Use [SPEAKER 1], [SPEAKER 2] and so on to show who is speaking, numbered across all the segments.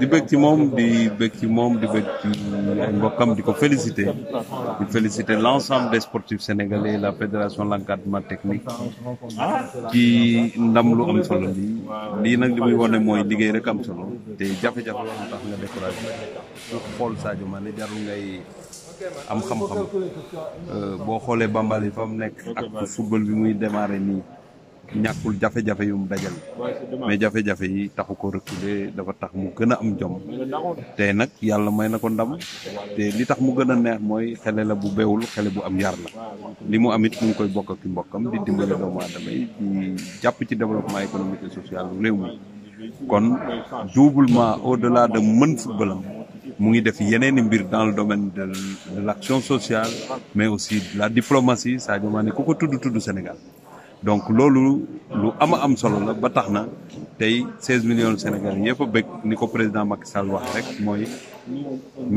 [SPEAKER 1] di bëgg ci moom di bëgg ci moom di bëgg ci ay mbokkam di ko félicité di féliciter l'ensemble des sportifs sénégalais la fédération l'encadrement technique ci ndam lu am solo lii lii nag li muy wane mooy liggéey rek am solo te jafe-jafe loolu tax nga découragé xool Sadio Mané jarul ngay am xam-xam euh, boo xoolee Bambali fa mu nekk ak football bi muy démarrer nii ñàkkul jafe-jafe yu mu dajal mais jafe-jafe yi taxu ko reculer dafa tax mu gën a am jom tey nag yàlla may na ko ndam te li tax mu gën a neex mooy xele la bu bewul xele bu am yar la li mu amit it mu ngi koy bokk ak mbokkam di dimbale doomu aadama yi jàpp ci développement économique et social réew mi kon doublement au delà de mën football mu ngi def yeneen i mbir dans le domaine de l'action sociale mais aussi de la diplomatie Sadio ne ku ko tudd tudd Sénégal donc loolu lu am am solo la ba tax na tey 16 millions Sénégal ñëpp a bëgg ni ko président Macky Sall wax rek mooy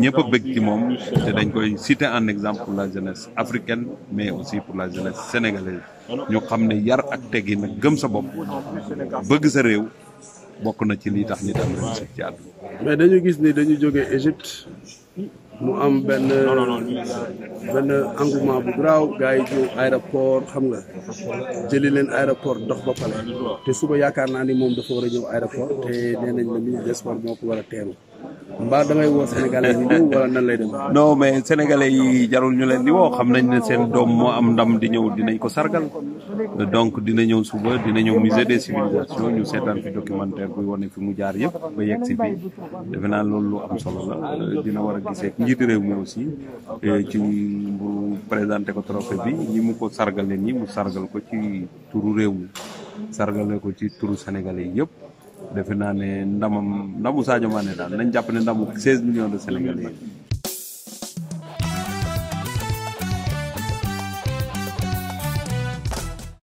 [SPEAKER 1] ñëpp a bëgg ci moom te dañ koy citer en exemple pour la jeunesse africaine mais aussi pour la jeunesse sénégalaise ñu xam ne yar ak teggi nag gëm sa bopp bëgg sa réew bokk na ci li tax nit am ci àdduna mais dañu gis ni dañu jógee Égypte mu am benn benn engouement bu garaaw gars yi ñëw aéroport xam nga jëli leen aéroport dox ba pare te suba yaakaar naa ni moom dafa war a ñëw aéroport te nee nañ la ministre des sports moo ko war a teeru mbaa da ngay woo sénégalais yi ñëw wala nan lay dem non mais sénégalais yi jarul ñu leen di woo xam nañ ne seen doom moo am ndam di ñëw dinañ ko sargal donc dina ñëw suba dina ñëw musée des civilisations ñu seetaan fi documentaire buy wane fi mu jaar yëpp ba yegg si fii defe naa loolu lu am solo la dina war a gisee njiiti réew mi aussi eh, ci bu présenté ko trophée bi ñi mu ko sargalee ni mu sargal ko ci turu réew mi sargale ko ci turu sénégalais yi yëpp defe naa ne ndamam ndamu Sadio Mané daal nañ jàpp ne ndamu 16 million de Sénégalais